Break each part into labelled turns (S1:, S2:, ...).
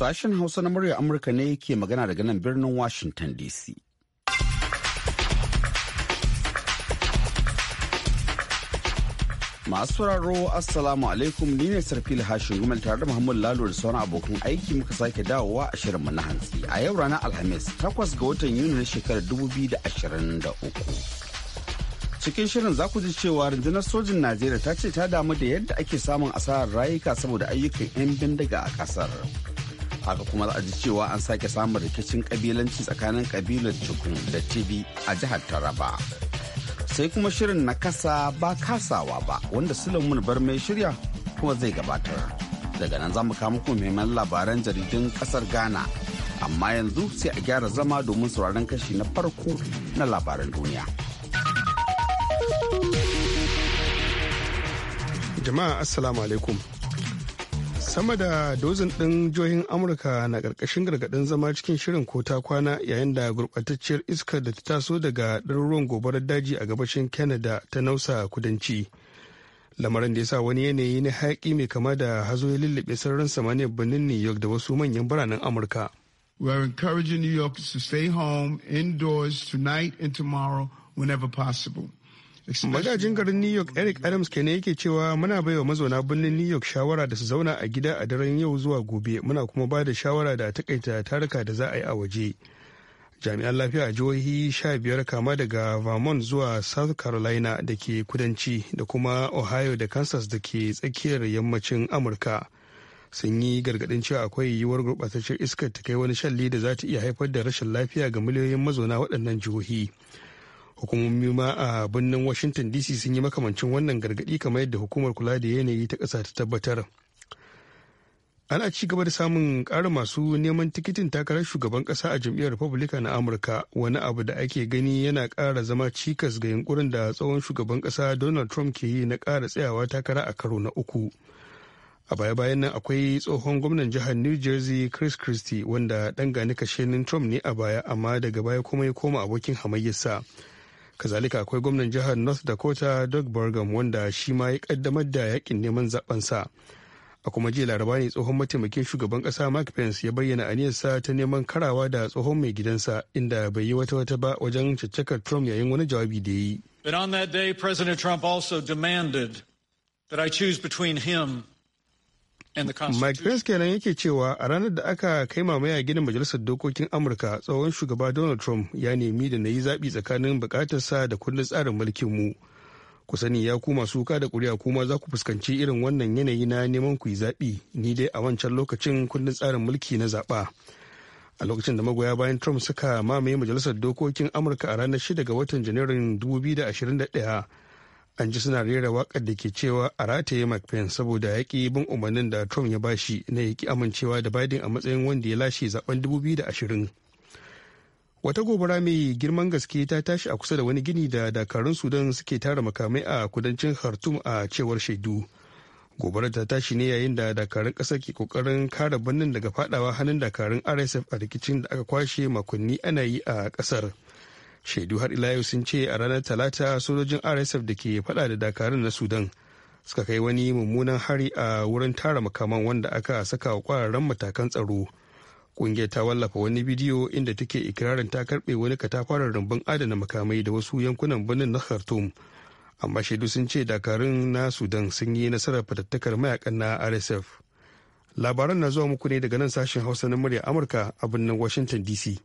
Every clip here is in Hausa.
S1: Sashen Hausa na murya Amurka ne ke magana daga nan birnin Washington DC. Masu sauraro Assalamu alaikum ni ne Sarfil Hashin Gumal tare da Muhammad Lalo da sauran abokan aiki muka sake dawowa a shirin mu na hantsi. A yau rana Alhamis takwas ga watan Yuni na shekarar 2023. cikin shirin za ku ji cewa rundunar sojin najeriya ta ce ta damu da yadda ake samun asarar rayuka saboda ayyukan 'yan bindiga a kasar haka kuma za a ji cewa an sake samun rikicin kabilanci tsakanin kabilar cikin da Tibi a jihar Taraba. Sai kuma shirin na kasa ba kasawa ba wanda Sulaimun bar mai shirya kuma zai gabatar. Daga nan za mu kama muku maiman labaran jaridun kasar Ghana. Amma yanzu sai a gyara zama domin sauraron kashi na farko na labaran duniya.
S2: Jama'a Assalamu alaikum. sama da dozin ɗin jihohin amurka na ƙarƙashin gargaɗin zama cikin shirin ko ta kwana yayin da gurɓatacciyar iskar da ta taso daga ɗaruruwan gobarar daji a gabashin canada ta nausa kudanci lamarin da ya sa wani yanayi na hayaƙi mai kama da hazo ya lullube sararin samaniyar birnin new york da wasu manyan biranen amurka we are encouraging new yorkers to stay home indoors tonight and tomorrow whenever possible magajin garin new york eric adams kenan yake cewa muna baiwa mazauna birnin new york shawara da su zauna a gida a daren yau zuwa gobe muna kuma ba da shawara da takaita taruka da za a yi a waje jami'an lafiya a jihohi sha biyar kama daga vermont zuwa south carolina da ke kudanci da kuma ohio da kansas da ke tsakiyar yammacin amurka sun yi gargadin cewa akwai yiwuwar gurɓataccen iskar ta kai wani shalli da za ta iya haifar da rashin lafiya ga miliyoyin mazauna waɗannan jihohi. hukumomi ma a birnin washington dc sun yi makamancin wannan gargadi kamar yadda hukumar kula da yanayi ta ƙasa ta tabbatar ana ci gaba da samun ƙarin masu neman tikitin takarar shugaban ƙasa a jam'iyyar republican na amurka wani abu da ake gani yana ƙara zama cikas ga yunkurin da tsohon shugaban ƙasa donald trump ke yi na ƙara tsayawa takara a karo na uku a baya-bayan nan akwai tsohon gwamnan jihar new jersey chris christie wanda ɗan gani kashenin trump ne a baya amma daga baya kuma ya koma abokin hamayyarsa. kazalika akwai gwamnan jihar north dakota doug burgum wanda shi ma ya kaddamar da yakin neman sa a kuma jiya laraba ne tsohon mataimakin shugaban kasa mark pence ya bayyana aniyarsa ta neman karawa da tsohon mai gidansa inda bai yi wata wata ba wajen caccakar trump yayin wani jawabi da ya yi
S3: But on that day, President Trump also demanded that I choose between him Mike
S2: Pence kenan yake cewa a ranar da aka kai mamaya ginin majalisar dokokin Amurka tsohon shugaba Donald Trump ya nemi da na yi zaɓi tsakanin bukatarsa da kundin tsarin mulkin mu. Ku sani ya kuma suka da kuri'a kuma za ku fuskanci irin wannan yanayi na neman ku yi zaɓi ni dai a wancan lokacin kundin tsarin mulki na zaɓa. A lokacin da magoya bayan Trump suka mamaye majalisar dokokin Amurka a ranar 6 ga watan Janairun 2021 an ji suna rera wakar da ke cewa a rataye mcpain saboda ya ƙi bin umarnin da trump ya bashi na ya ƙi amincewa da biden a matsayin wanda ya lashe zaben 2020 wata gobara mai girman gaske ta tashi a kusa da wani gini da dakarun sudan suke tara makamai a kudancin khartoum a cewar shaidu gobarar ta tashi ne yayin da dakarun ƙasar ke kokarin kare birnin daga fadawa hannun dakarun rsf a rikicin da aka kwashe makonni ana yi a ƙasar. shaidu har ila yau sun ce a ranar talata sojojin rsf da ke fada da dakarun na sudan suka kai wani mummunan hari a wurin tara makaman wanda aka saka wa kwararren matakan tsaro kungiyar ta wallafa wani bidiyo inda take ikirarin ta karbe wani katafaren rumbun adana makamai da wasu yankunan birnin na khartoum amma shaidu sun ce dakarun na sudan sun yi nasarar fatattakar mayakan na rsf labaran na zuwa muku ne daga nan sashen hausa na murya amurka a birnin washington dc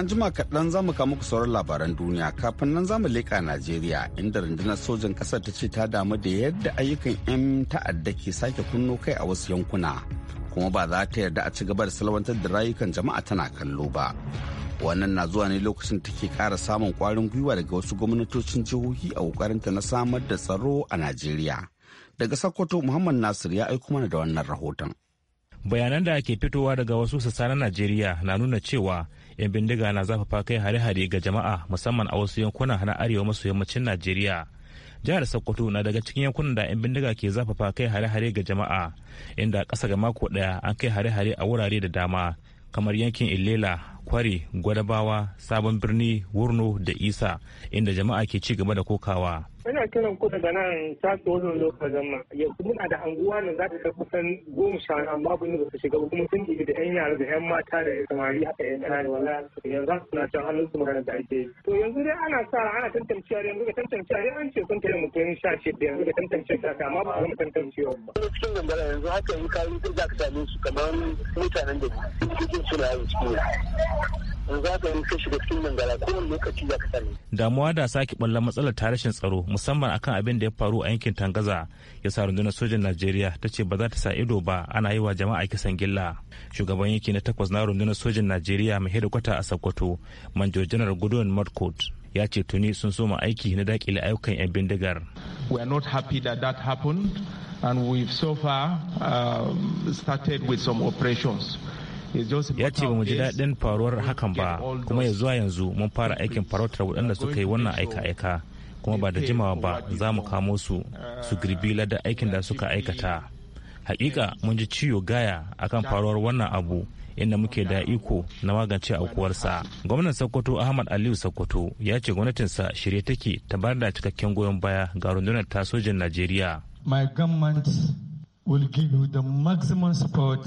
S1: nan jima kaɗan za mu muku sauran labaran duniya kafin nan za mu leƙa Najeriya inda rundunar sojan ƙasar ta ce ta damu da yadda ayyukan 'yan ta'adda ke sake kunno kai a wasu yankuna kuma ba za ta yarda a ci gaba da salwantar da rayukan jama'a tana kallo ba. Wannan na zuwa ne lokacin da take ƙara samun ƙwarin gwiwa daga wasu gwamnatocin jihohi a ƙoƙarinta na samar da tsaro a Najeriya. Daga Sokoto Muhammad Nasir ya aiko mana da wannan rahoton.
S4: Bayanan da ke fitowa daga wasu sassa na Najeriya na nuna cewa 'yan bindiga na zafafa kai hare-hare ga jama'a musamman a wasu yankuna na arewa maso yammacin najeriya jihar sokoto na daga cikin yankunan da 'yan bindiga ke zafafa kai hare-hare ga jama'a inda ƙasa ga mako ɗaya an kai hare-hare a wurare da dama kamar yankin Ilela Kwari gwadabawa sabon birni wurno da isa inda jama'a ke ci gaba da kokawa
S5: Ina kiran ku daga nan ta tsohon lokacin zama. Yanzu muna da anguwa nan za ta ta kusan goma sha na babu ne su shiga kuma sun ɗibi da 'yan yara da 'yan mata da samari haka 'yan yara da wala yanzu suna can hannun su magana da ake.
S6: To yanzu dai ana sa ana tantance yare yanzu ga tantance yare an ce sun kai
S5: mutum sha ce da yanzu ga tantance ta amma ba a tantance yau ba. Cikin
S6: gambara yanzu haka in
S3: ko za ka same su kamar mutanen da suke suna yau cikin in za ka yi kashi da cikin mangala kowane lokaci za ka
S4: sani. damuwa da sake ɓallan matsalar ta rashin tsaro musamman akan abin da ya faru a yankin tangaza ya sa rundunar sojan najeriya ta ce ba za ta sa ido ba ana yi wa jama'a kisan gilla shugaban yanki na takwas na rundunar sojan najeriya mai hedikwata a sokoto manjo janar gudun marcot ya ce tuni sun soma aiki na dakile ayyukan 'yan bindigar. We are not happy that that happened and we've so far uh, started with some operations. ya ce ba mu ji daɗin faruwar hakan ba kuma ya zuwa yanzu mun fara aikin farautar waɗanda suka yi wannan aika-aika kuma ba da jimawa ba za mu kamo su su girbi ah, lada aikin da suka aikata hakika mun ji ciwo gaya akan faruwar wannan abu inda muke da iko na magance aukuwarsa gwamnan sokoto ahmad aliyu sokoto ya ce gwamnatinsa shirye take ta bar da cikakken goyon baya ga rundunar tasojin najeriya
S2: my will give the maximum support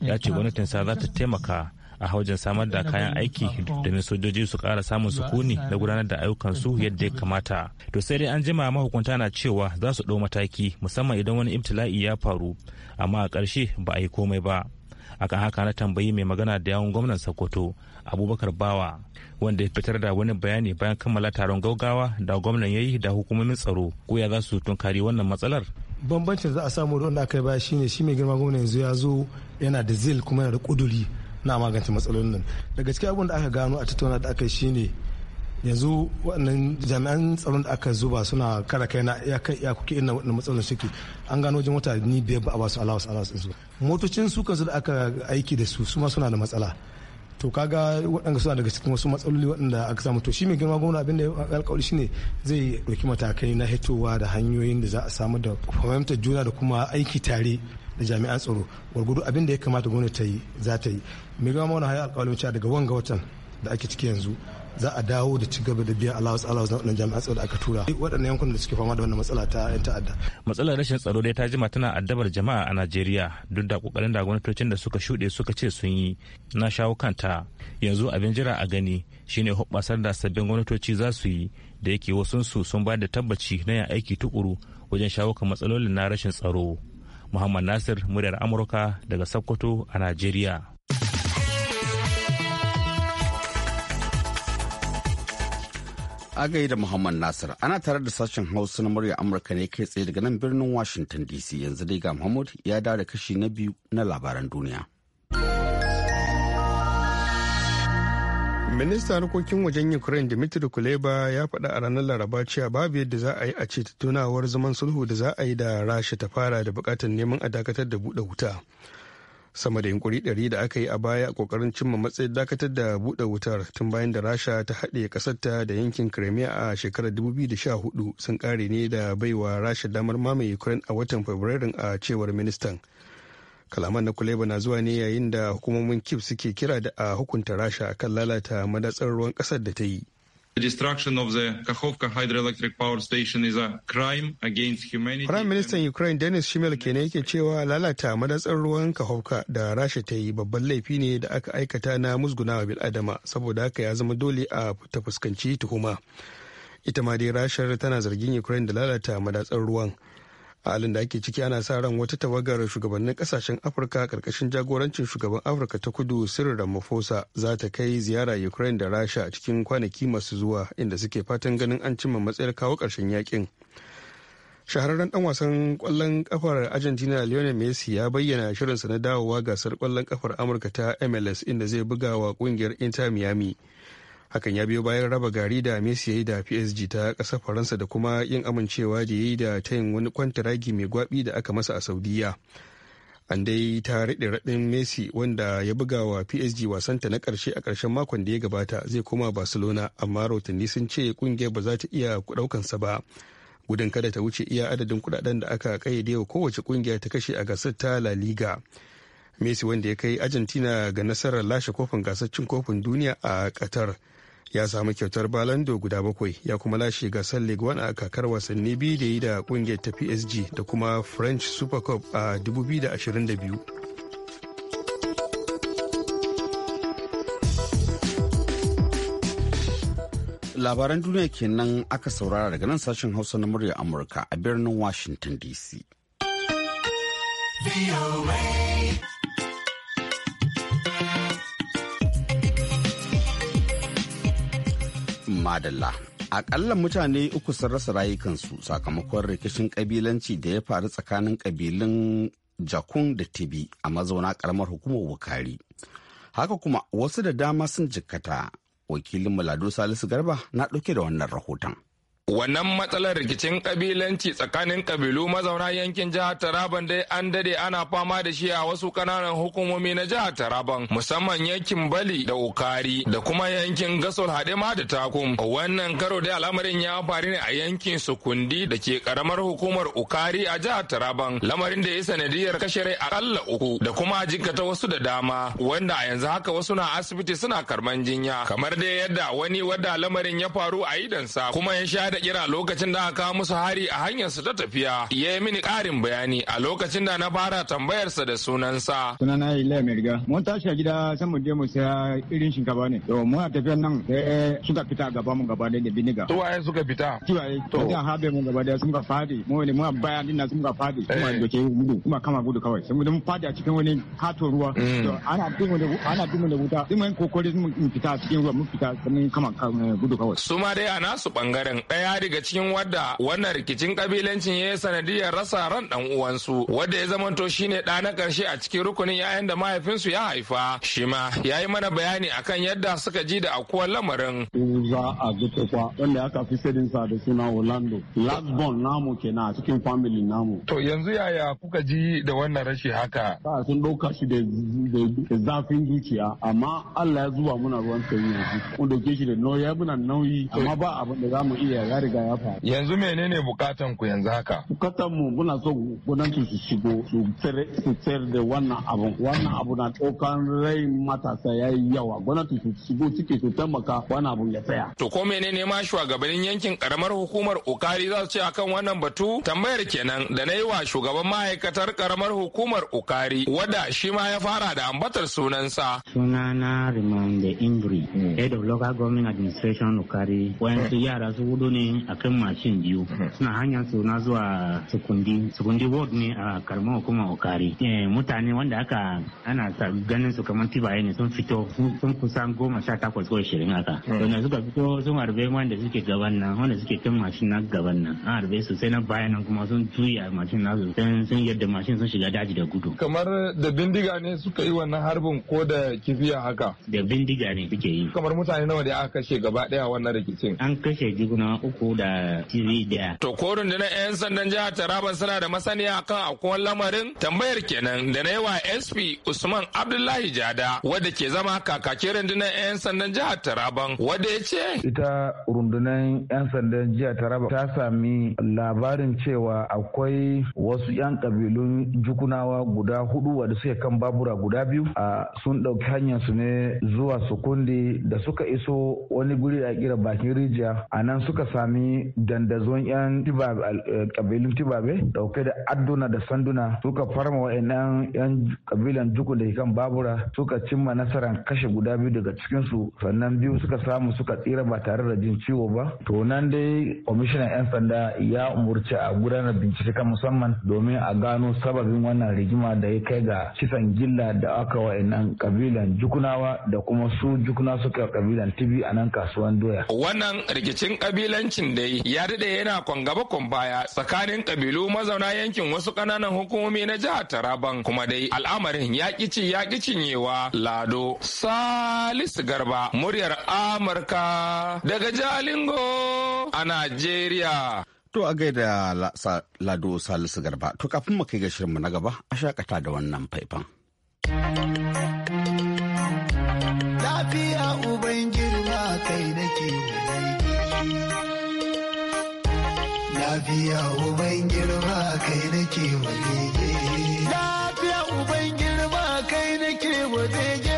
S4: ya ce gwamnatin sa za ta taimaka a hawajin samar da kayan aiki domin sojoji su kara samun sukuni na gudanar da ayyukansu yadda ya kamata to sai dai an jima mahukunta na cewa za su ɗau mataki musamman idan wani ibtila'i ya faru amma a ƙarshe ba a yi komai ba akan haka na tambayi mai magana da yawon gwamnan sokoto abubakar bawa wanda ya fitar da wani bayani bayan kammala taron gaugawa da gwamnan ya yi da hukumomin tsaro ko ya za su tunkari wannan matsalar
S5: bambancin za a samu da wanda aka yi baya shine shi mai girma gwamna yanzu ya zo yana da zil kuma yana da kuduri na magance matsalolin nan daga cikin abin da aka gano a tattauna da aka yi shine yanzu wannan jami'an tsaron da aka zuba suna kara kai na ya kuke ina waɗannan matsalolin suke an gano wajen wata ni biyar ba a basu alawasu alawasu su motocin su kansu da aka aiki da su su suna da matsala to kaga waɗanda suna daga cikin wasu matsaloli waɗanda aka samu to shi mai girma gwamna abinda ya alkawari shine zai ɗauki matakai na hitowa da hanyoyin da za a samar da fahimtar juna da kuma aiki tare da jami'an tsaro gwargwado abin da ya kamata gwamnati ta yi za ta yi mai girma gwamna ya alkawarin cewa daga wanga watan da ake ciki yanzu za a dawo da ci gaba da biyan allowance alawas na jami'an tsaro da aka tura waɗannan yankunan da suke fama da wannan matsala ta yan ta'adda
S4: matsalar rashin tsaro dai ta jima tana addabar jama'a a Najeriya duk da kokarin da gwamnatocin da suka shuɗe suka ce sun yi na shawo kanta yanzu abin jira a gani shine hoɓɓasar da sabbin gwamnatoci za su yi da yake wasunsu sun ba da tabbaci na yin aiki tukuru wajen shawo kan matsalolin na rashin tsaro. Muhammad Nasir muryar Amurka daga Sokoto a Najeriya.
S1: Agayi da Muhammad Nasir ana tare da sashen Hausa na murya Amurka ne kai tsaye daga nan birnin Washington DC yanzu dai ga Muhammad
S2: ya dawo da kashi na biyu na labaran duniya. minista harkokin wajen Ukraine Dmitry Kuleba ya faɗa a ranar Laraba cewa babu yadda za a yi a ce tunawar zaman sulhu da za a yi da Rasha ta fara da buƙatar neman a dakatar da buɗe wuta. sama da yunkuri 100 da aka yi a baya a kokarin cimma matsayin dakatar da buɗe wutar tun bayan da rasha ta haɗe ƙasarta da yankin crimea a shekarar 2014 sun kare ne da baiwa rasha damar mamaye ukraine a watan fabrairun a cewar ministan kalaman na kuleba na zuwa ne yayin da hukumomin kif suke kira da a hukunta rasha kan lalata madatsar ruwan ƙasar da ta yi
S7: destruction of the Kakhovka hydroelectric power station is crime against humanity. Prime
S2: Minister Ukraine Denis Shimel ne yake cewa lalata madatsar ruwan Kakhovka da Rasha ta yi babban laifi ne da aka aikata na musgunawa bil'adama saboda haka ya zama dole a ta fuskanci tuhuma. Ita ma dai Rashar tana zargin Ukraine da lalata madatsar ruwan. halin da ake ciki ana sa ran wata tawagar shugabannin kasashen afirka karkashin jagorancin shugaban afirka ta kudu sirri ramaphosa za ta kai ziyara ukraine da rasha cikin kwanaki masu zuwa inda suke fatan ganin an cimma matsayar kawo karshen yakin shahararren dan wasan kwallon kafar argentina lionel messi ya bayyana shirinsa na dawowa gasar kwallon kafar amurka ta mls inda zai buga wa kungiyar inter miami hakan ya biyo bayan raba gari da messi ya yi da psg ta ƙasa faransa da kuma yin amincewa da ya yi da tayin wani kwantaragi mai gwabi da aka masa a saudiya an dai ta riɗe raɗin messi wanda ya buga wa psg wasanta na ƙarshe a ƙarshen makon da ya gabata zai koma barcelona amma rahotanni sun ce ƙungiyar ba za ta iya ɗaukansa ba gudun kada ta wuce iya adadin kudaden da aka kayyade wa kowace kungiya ta kashe a gasar ta La Liga. Messi wanda ya kai Argentina ga nasarar lashe kofin gasar cin kofin duniya a Qatar ya samu kyautar balando guda bakwai ya kuma lashe gasar league a kakar wasanni biyu da yi da kungiyar ta psg da kuma french super cup a 2022
S1: labaran duniya kenan aka saurara daga nan sashen hausa na murya amurka a birnin washington dc Madalla. Akalla mutane uku sun rasa rayukansu sakamakon rikicin ƙabilanci da ya faru tsakanin ƙabilun Jakun da Tibi a mazauna karamar hukumar Wukari. Haka kuma wasu da dama sun jikkata. Wakilin Mulado Salisu Garba na ɗauke da wannan rahoton.
S7: Wannan matsalar rikicin kabilanci tsakanin kabilu mazauna yankin jihar Taraban dai an dade ana fama da shi a wasu kananan hukumomi na jihar Taraban musamman yankin Bali da Ukari da kuma yankin Gasol Hadema da Takum. Wannan karo dai al'amarin ya faru ne a yankin Sukundi da ke karamar hukumar Ukari a jihar Taraban lamarin da ya sanadiyar kashe rai akalla uku da kuma jikkata wasu da dama wanda a yanzu haka wasu na asibiti suna karɓan jinya kamar dai yadda wani wadda lamarin ya faru a idansa kuma ya sha da da kira lokacin da aka musu hari a hanyarsa ta tafiya ya yi mini ƙarin bayani a lokacin da na fara tambayarsa da sunansa.
S6: Sunana Ilai Amerika. Mun tashi a gida san mu je mu saya irin shinkafa ne. To a tafiya nan sai eh, eh, suka fita gaba mu gaba da biniga.
S7: Tuwaye suka fita. Tuwaye.
S6: To. Wajen habe mun gaba da sun ka fadi. Mu ne muna baya dinna sun ka fadi. Kuma eh. doke gudu. Kuma kama gudu kawai. Sai mu mun fadi a cikin wani kato ruwa. Mm. To ana bin mu ana bin mu wuta. Sai mun kokori mun fita cikin ruwa mun fita mun kama gudu kawai. Su ma dai
S7: a nasu bangaren ɗaya ya riga cikin wadda wannan rikicin kabilancin ya yi sanadiyar rasa ran dan uwansu wadda ya zamanto shine da na karshe a cikin rukunin 'ya'yan da mahaifinsu ya haifa shi ma ya yi mana bayani akan yadda suka ji da akuwar lamarin.
S1: Za a kwa wanda aka fi sa da suna Orlando. Last born namu kenan a cikin family namu. To
S7: yanzu yaya kuka ji da wannan rashi haka?
S1: Ba sun dauka shi da zafin zuciya amma Allah ya zuba muna ruwan sanyi yanzu. Mun ɗauke shi da nauyi muna nauyi amma ba abin da zamu iya riga ya faru.
S7: Yanzu menene bukatan ku yanzu haka?
S1: Bukatan mu muna so gwamnati su shigo su tsere da wannan abu. Wannan abu na tsokan rai matasa ya yi yawa. Gwamnati su
S3: shigo ciki su taimaka wannan abu ya tsaya.
S7: To ko menene ma shugabannin yankin karamar hukumar Okari za su ce akan wannan batu? Tambayar kenan da na yi wa shugaban ma'aikatar karamar hukumar Okari wadda shi ma ya fara da ambatar sunansa.
S4: Sunana Rimande Ingri, hmm. Head of Local Government Administration Okari. Wayansu yara su hudu ne A kan mashin biyu hmm. suna hanyar su na zuwa sukundi sukundi ward ne a karamar hukumar okari eh, mutane wanda aka ana ganin su kamar tibaye ne sun fito sun kusan goma sha takwas ko ashirin haka hmm. wanda suka fito sun harbe wanda suke gaban nan wanda suke kan mashin na gaban nan an harbe su sai na bayan nan kuma sun juya mashin nasu sun yadda mashin sun shiga daji da gudu kamar da bindiga
S7: ne suka yi wannan harbin ko da kifiya haka
S4: da bindiga ne
S7: suke yi kamar mutane nawa da aka kashe gaba daya wannan rikicin an kashe jiguna uku da tiri To ko rundunar 'yan sandan jihar Taraba suna da masaniya kan akwai lamarin tambayar kenan da na yawa SP Usman Abdullahi Jada wadda ke zama kakakin rundunar 'yan sandan jihar Taraban wadda
S6: ya ce. Ita rundunar 'yan sandan jihar Taraba ta sami labarin cewa akwai wasu 'yan kabilun jukunawa guda hudu wadda suke kan babura guda biyu a sun ɗauki hanyar su ne zuwa sukundi da suka iso wani guri a kira bakin rijiya a nan suka sami dandazon 'yan eh, kabilun tibabe dauke da adduna da sanduna suka farma wa'annan 'yan kabilan juku da kan babura suka cimma nasarar kashe guda biyu daga cikinsu sannan biyu suka samu suka tsira ba tare da jin ciwo ba to nan dai kwamishinan 'yan
S4: sanda ya umurci a gudanar bincike kan musamman domin a gano sababin wannan rigima da ya kai ga kisan gilla da aka wa wa'annan kabilan jukunawa da kuma su jukuna
S6: suka kabilan tibi a nan kasuwan doya
S7: wannan rikicin kabilan yankin dai ya daɗe yana kwangaba baya tsakanin kabilu mazauna yankin wasu ƙananan hukumomi na jihar Taraban kuma dai al'amarin ya ƙici ya cinyewa Lado Salisu Garba muryar Amurka daga Jalingo a Najeriya.
S1: To a gaida Lado Salisu Garba, to kafin mu kai ga shirinmu na gaba a shakata da wannan faifan.
S8: lafiya uban girma kai nake wa wadege lafiya uban girma kai nake wa wadege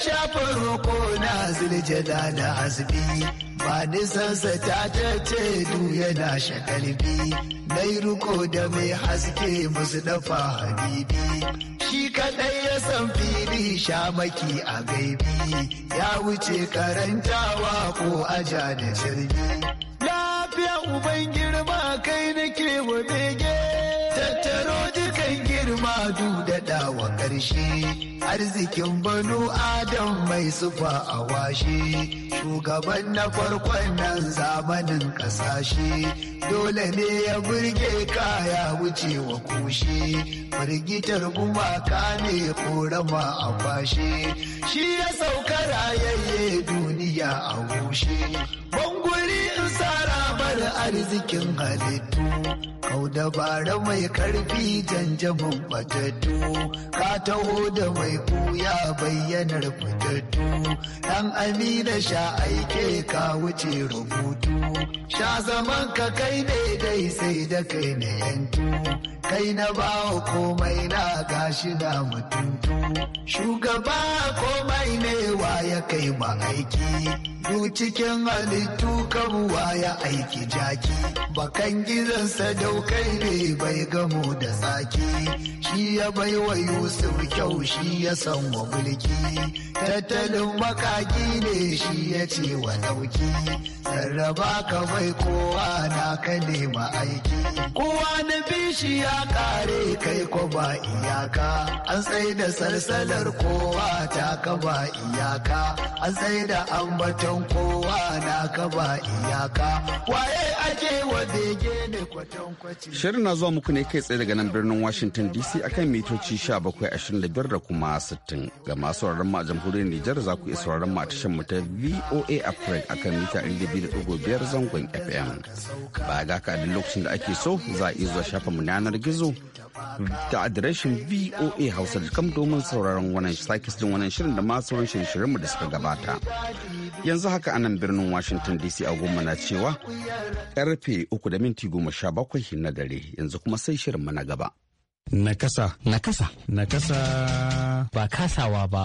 S8: Shafin roko na ziljada da azbi ba sansa ta tace du yana shakalbi mai ruko da mai haske musu dafa habibi shi kaɗai ya san fili shamaki a gaibi ya wuce karantawa ko aja da jirgi lafiya uban girma kai nake wa bege tattaro dukan girma dudada wa ƙarshe arzikin banu adam mai sufa a washe shugaban na farkon nan zamanin ƙasashe dole ne ya burge kaya wuce wa kushe firgitar gumaka ne korama a kwashe shi ya sauka rayayye duniya a gushe arzikin halittu kau dabara mai karfi janjamin fatattu ka taho da mai kuya bayyanar fitattu dan amina sha aike ka wuce rubutu sha zaman ka kai daidai sai da kai na yantu kai na bawa komai na gashi da mutuntu shugaba komai ne wa ya kai ma aiki Du cikin halittu kabuwa ya aiki jaki, bakan gizansa daukai ne bai gamo da tsaki, shi ya bai wa Yusuf kyau shi ya san wa mulki, tattalin makaki ne shi ya ce wa dauki, sarraba ka bai kowa na ka nema aiki. Kowa na bishi ya kare kai ko ba iyaka, an tsaye da sarsalar kowa ta ka ba iyaka, an tsaye da ambaton kowa na ka ba iyaka waye ake wa gene ne kwatankwacin
S1: shirin na zuwa muku ne kai tsaye daga nan birnin washington dc akan mitoci 1725 da kuma 60 ga masu sauraron ma a jamhuriyar nijar za ku iya sauraron ma a tashar mu ta voa africa akan mita 2.5 zangon fm ba ga ka lokacin da ake so za a iya zuwa shafa mu yanar gizo ta adireshin voa hausa kam domin sauraron wannan sakis din wannan shirin da masu wani shirinmu mu da suka gabata yanzu haka anan birnin washington dc goma na cewa karfe uku da minti goma sha bakwai na dare yanzu kuma sai shirin na gaba
S2: nakasa
S3: nakasa nakasa ba kasawa ba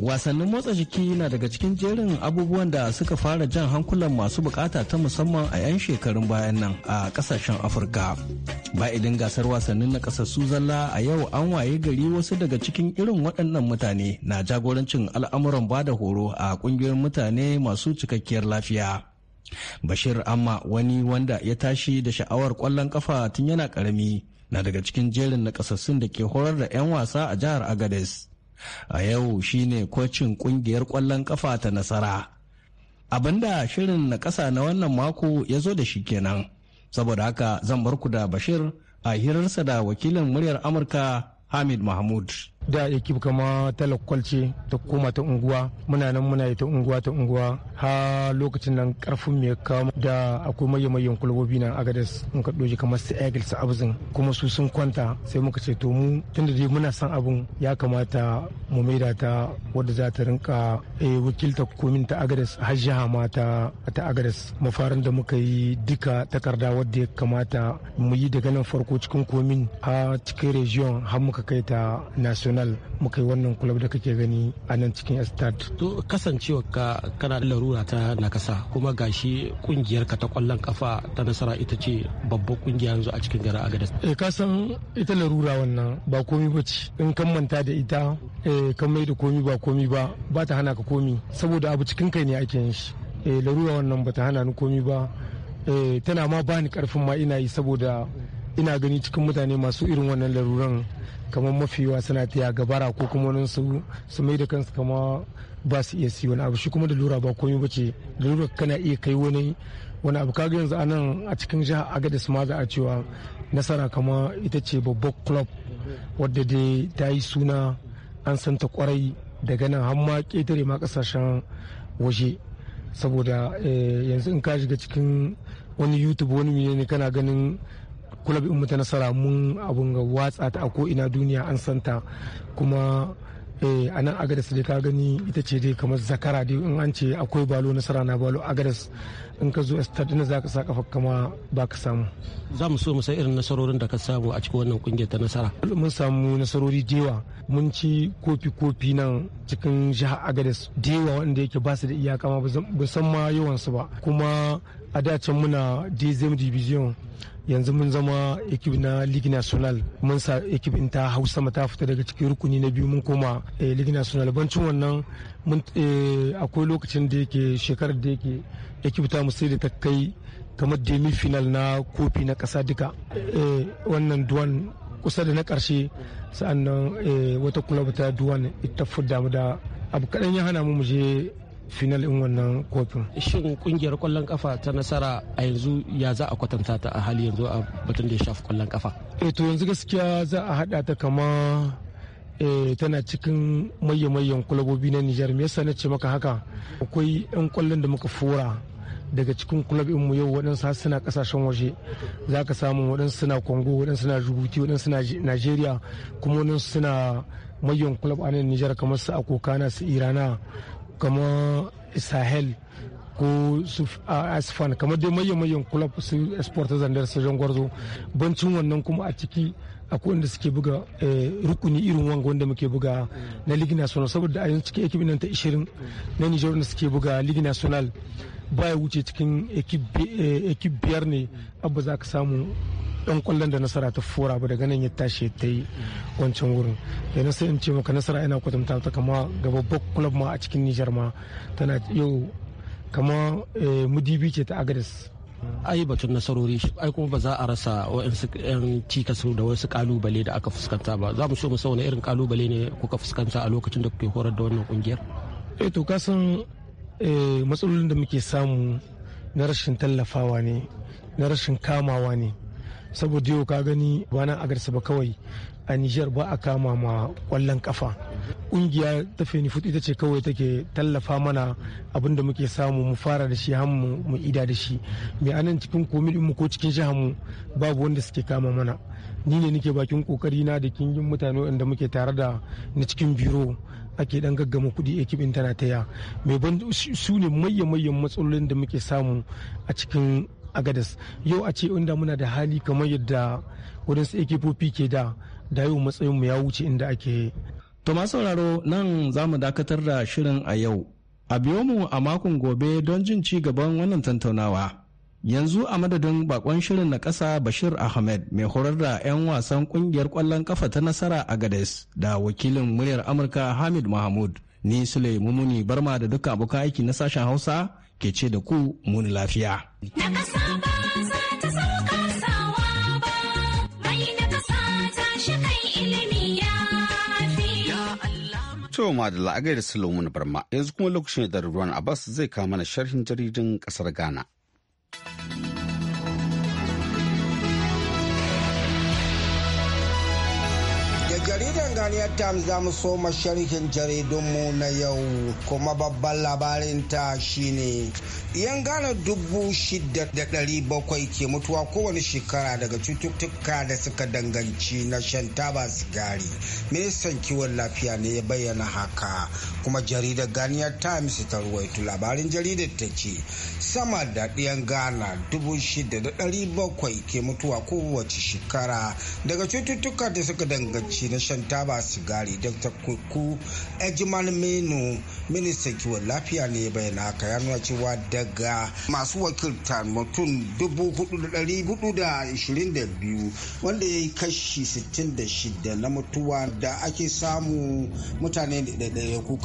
S3: Wasannin motsa jiki na daga cikin jerin abubuwan da suka fara jan hankulan masu bukata ta musamman a 'yan shekarun bayan nan a kasashen Afirka. Idan gasar wasannin na kasassu zalla a yau an waye gari wasu daga cikin irin waɗannan mutane na jagorancin al'amuran bada horo a ƙungiyoyin mutane masu cikakkiyar lafiya. Bashir Amma wani wanda ya tashi da sha'awar ƙwallon kafa tun yana ƙarami na daga cikin jerin na da ke horar da 'yan wasa a jihar Agades. a yau shine kocin kungiyar kwallon kafa ta nasara abinda shirin na kasa na wannan mako ya zo da shi kenan saboda haka zan bar ku da bashir a hirarsa da wakilin muryar amurka hamid mahmud
S5: da ekip kama talakwalce ta koma ta unguwa muna nan muna yi ta unguwa ta unguwa ha lokacin nan karfin mai kama da akwai maye mayan kulabobi na agadas in ka doji kamar su egil su abzin kuma su sun kwanta sai muka ce to mu tunda dai muna son abun ya kamata mu maida ta wadda za ta rinka eh, wakilta komin ta agadas har jiha ma ta agadas mafarin da muka yi duka takarda wadda ya kamata mu yi daga nan farko cikin komin ha cikin region har muka kai ta national national muka yi wannan club da kake gani a nan cikin estate to kasancewa ka kana da larura ta na kasa kuma gashi kungiyar ka ta kwallon kafa ta nasara ita ce babbar kungiya yanzu a cikin garin agadas eh ka san ita larura wannan ba komi ba ce in kan manta da ita eh kan mai da komi ba komi ba ba ta hana ka komi saboda abu cikin kai ne ake yin shi eh larura wannan ba ta hana ni komi ba eh, tana ma bani karfin ma ina yi saboda ina gani cikin mutane masu irin wannan laruran kamar mafi yawa suna taya gabara ko kuma wani su su mai da kansu kama ba su iya siyo wani abu shi kuma da lura ba komai ba da lura kana iya kai wani wani abu kaga yanzu anan a cikin jiha agadis ma za a cewa nasara kama ita ce babbar club wadda dai ta yi suna an san ta kwarai daga nan har ma ketare ma kasashen waje saboda eh, yanzu in ka shiga cikin wani youtube wani ne kana ganin kulab in mu ta nasara mun abun ga watsa ta a ko ina duniya an santa kuma eh, a nan agadas da ka gani ita ce dai kamar zakara dai in an ce akwai balo nasara na balo agadas in ka zo stad na za ka sa kafa kama ba ka samu za mu so mu san irin nasarorin da ka samu a cikin wannan kungiyar ta nasara mun samu nasarori dewa mun ci kofi kofi nan cikin jihar agadas dewa wanda yake ba su da iyaka ma ba san ma yawan su ba kuma a da can muna dzm division yanzu mun zama ekip na Ligue National mun sa ekip in ta Hausa ta fita daga cikin rukuni na biyu mun koma eh, Ligue National bancin wannan eh, akwai lokacin da yake shekarar da yake ekip ta mu sai da ta kai kamar demi final na kofi na kasa duka eh, wannan duwan kusa da na karshe sa'annan wata kulab ta duwan ita fudda mu da abu kaɗan ya hana mu mu final in wannan kofin. Shin kungiyar kwallon kafa ta nasara a yanzu ya za a kwatanta ta a hali yanzu a batun da ya shafi kwallon kafa? Eh to yanzu gaskiya za a hada ta kama eh, tana cikin mayyan kulabobi na Nijar me yasa na ce maka haka akwai 'yan kwallon da muka fura daga cikin kulab mu yau waɗansu suna kasashen waje za ka samu waɗansu suna congo waɗansu suna rubuti waɗansu suna nigeria kuma waɗansu suna mayan kulab a nan nijar kamar su akokana su irana kamar sahel ko su asfan kamar dai mayan-mayan club su sport zandar su gwarzo bancin wannan kuma a ciki akwai wanda suke buga eh, rukuni irin wanga wanda muke buga na league national saboda a yanzu cikin ekip ta 20 na nijar wanda suke buga league national ba ya wuce cikin ekip eh, biyar ne abu za ka samu yan kwallon da nasara ta fora ba daga nan ya tashi ta yi wancan wurin yana sai in ce maka nasara ina kwatanta ta kama ga babban club ma a cikin nijar ma tana yau kama eh, mudibi ce ta agadas ai batun nasarori ai kuma ba za a rasa wa'insu yan cikasu da wasu kalubale da aka fuskanta ba za mu so mu sauna irin kalubale ne kuka fuskanta a lokacin da kuke horar da wannan kungiyar eh to kasan Eh, matsalolin da muke samu na rashin tallafawa ne na rashin kamawa ne saboda yau ka gani ba nan agarsa ba kawai a nijar ba a kama ma kwallon kafa ƙungiya ta fenifut ita ce kawai take tallafa mana abin da muke samu mu fara da shi hannu mu ida da shi mai anan cikin komi mu ko cikin jihar mu babu wanda suke kama mana ni ne nake bakin kokari na da kingin mutane wanda muke tare da na cikin biro ake dan gaggama kuɗi ekip ɗin tana taya mai ban su ne mayyan matsalolin da muke samu a cikin agadas yau a ce inda muna da hali kamar yadda wadansu fofi ke da da yau matsayinmu ya wuce
S3: inda ake to masu sauraro nan za mu dakatar da shirin a yau a biyo mu a makon gobe don jin ci gaban wannan tattaunawa. yanzu a madadin bakon shirin na ƙasa bashir ahmed mai horar da 'yan wasan kungiyar kwallon kafa ta nasara a gades da wakilin muryar amurka hamid mahmud ni sule mumuni barma da duka abokan aiki na sashen hausa ke ce da ku muni lafiya
S1: To da la'agai da Solomon Barma yanzu kuma lokacin da Ruwan Abbas zai kama na sharhin jaridin kasar Ghana.
S6: Premium Times za mu soma sharhin jaridunmu na yau kuma babban labarinta ta shine yan gane dubu shida da ɗari bakwai ke mutuwa kowane shekara daga cututtuka da suka danganci na shan taba sigari. Ministan kiwon lafiya ne ya bayyana haka kuma jaridar Ghanaian Times ta ruwaito labarin jaridar ta ce sama da ɗiyan gana dubu shida da ɗari bakwai ke mutuwa kowace shekara daga cututtuka da suka danganci na shan taba sigari dr kuku ejimal menu ministan kiwon lafiya ne bayyana haka ya nuna cewa daga masu wakilta mutum 4,422 wanda ya yi kashi 66 na mutuwa da ake samu mutane da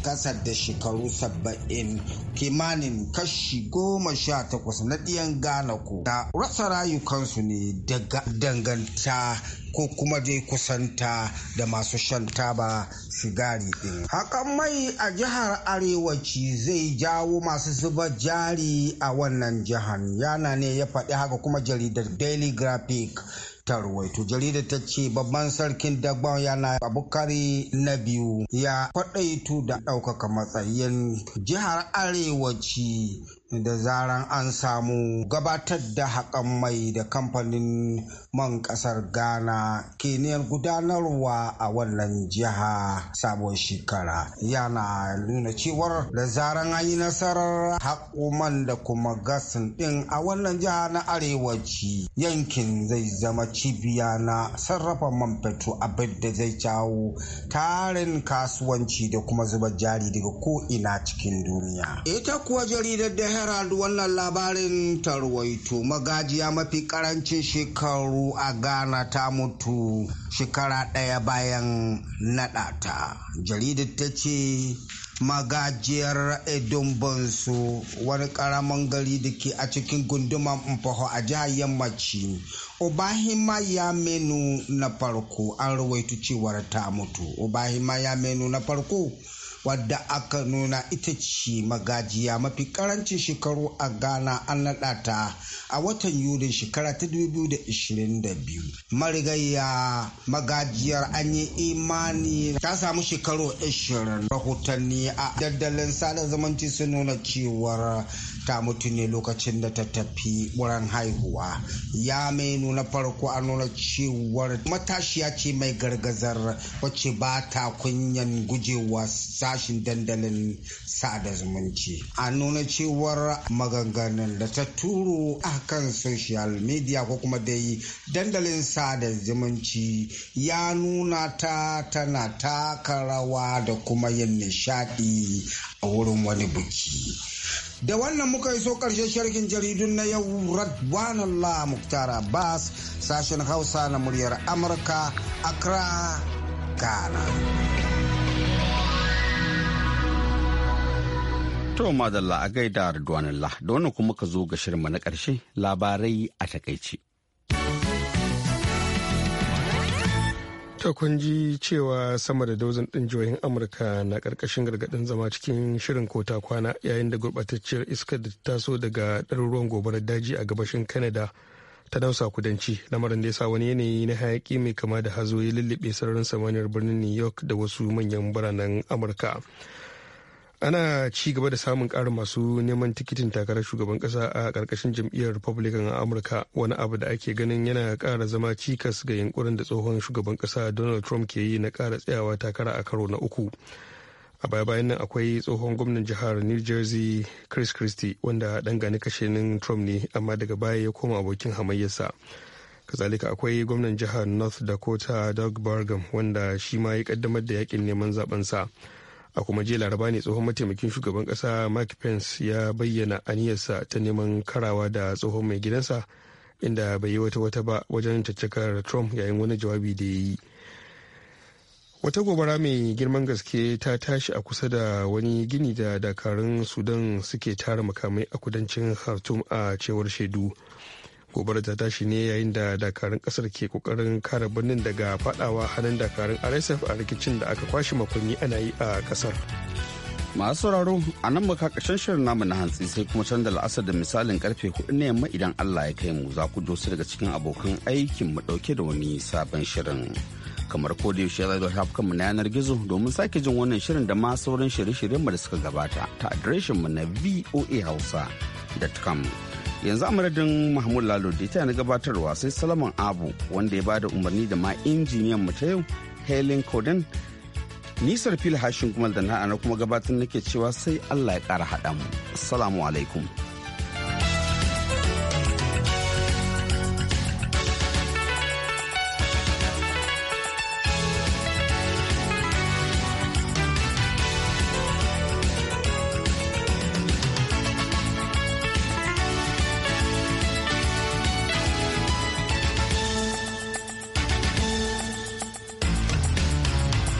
S6: kasa da shekaru 70 kimanin kashi 18 na ɗiyan gana ko da rasa rayukansu ne daga danganta ko kuma dai kusanta da masu shan taba sigari ɗin. Hakan mai a jihar Arewaci zai jawo masu zuba jari a wannan jihar. Yana ne ya faɗi haka kuma jaridar Daily Graphic ta jaridar ta ce babban sarkin dagban yana abukari na biyu ya faɗaitu da ɗaukaka matsayin jihar arewaci da zaran an samu gabatar da haƙan mai da kamfanin man ƙasar Ghana ke gudanarwa a wannan jiha sabon shekara. Yana nuna cewar da zaran an yi nasarar haƙo da kuma gasin ɗin a wannan jiha na arewaci yankin zai zama cibiya na sarrafa man fetur abin da zai jawo tarin kasuwanci da kuma zuba jari daga ko ina cikin duniya. Ita kuwa jaridar da Herald wannan labarin tarwaito magajiya mafi karancin shekaru a Ghana ta mutu shekara ɗaya bayan naɗa ta. Jaridar ta ce magajiyar edumbansu wani ƙaramin gari da ke a cikin gunduman mfaho a jihar yammaci obahima ya menu na farko an rawaitu cewar ta mutu obahima ya menu na farko wadda aka nuna ita ce magajiya mafi karancin shekaru a ghana an naɗa ta a watan yulin shekara ta 2022 marigayya magajiyar an yi imani ta samu shekaru 20 rahotanni a daddalin sada zamanci sun nuna cewar ta mutu ne lokacin da ta tafi wurin haihuwa ya mai nuna farko a nuna cewar matashiya ce mai gargazar wacce ba ta kunyan gujewa sashin dandalin sada zumunci a nuna cewar maganganun da ta turo a kan social media ko kuma dai dandalin sada zumunci ya nuna ta tana taka rawa da kuma yin nishadi a wurin wani buki da wannan muka yi so karshen sharhin jaridun na yau radwanan la muktar abbas sashen hausa na muryar amurka accra ghana
S1: to madalla a gaida radwanan da wannan kuma ka zo ga shirma na karshe labarai a takaici
S2: ta kun cewa sama da dozin ɗin jihohin amurka na ƙarƙashin gargaɗin zama cikin shirin kota kwana yayin da gurɓatacciyar iskar da ta taso daga ɗaruruwan gobarar daji a gabashin canada ta nausa kudanci lamarin da ya sa wani yanayi na hayaki mai kama da hazo ya lullube sararin samaniyar birnin new york da wasu manyan biranen amurka ana ci gaba da samun ƙarin masu neman tikitin takarar shugaban ƙasa a ƙarƙashin jam'iyyar republican a amurka wani abu da ake ganin yana ƙara zama cikas ga yunkurin da tsohon shugaban ƙasa donald trump ke yi na ƙara tsayawa takara a karo na uku a baya bayan nan akwai tsohon gwamnan jihar new jersey chris christie wanda ɗan gani kashenin trump ne amma daga baya ya koma abokin hamayyarsa kazalika akwai gwamnan jihar north dakota doug bargam wanda shi ma ya kaddamar da yakin neman zaben sa a kuma jiya laraba ne tsohon mataimakin shugaban kasa mike pence ya bayyana aniyarsa ta neman karawa da tsohon mai gidansa inda bai yi wata wata ba wajen caccakar trump yayin wani jawabi da ya yi wata gobara mai girman gaske ta tashi a kusa da wani gini da dakarun sudan suke tara makamai a kudancin khartoum a cewar shaidu gobar ta tashi ne yayin da dakarun kasar ke kokarin kare birnin daga fadawa hannun dakarun rsf a rikicin da aka kwashe makonni ana yi a kasar masu sauraro a nan muka kashen shirin
S1: namu na hantsi sai kuma canza la'asar da misalin karfe hudu na yamma idan allah ya kai mu za ku dosu daga cikin abokan aikin mu dauke da wani sabon shirin kamar ko da yaushe zai shafukan mu na yanar gizo domin sake jin wannan shirin da ma sauran shirye-shiryen mu da suka gabata ta adireshin mu na voahausa.com yanzu amuradin mahmud lalo da ita na gabatarwa sai salaman abu wanda ya bada umarni da ma injiniyan mu ta yau helen coden nisar fil hashin kuma da na kuma gabatar nake cewa sai allah ya kara haɗa mu assalamu alaikum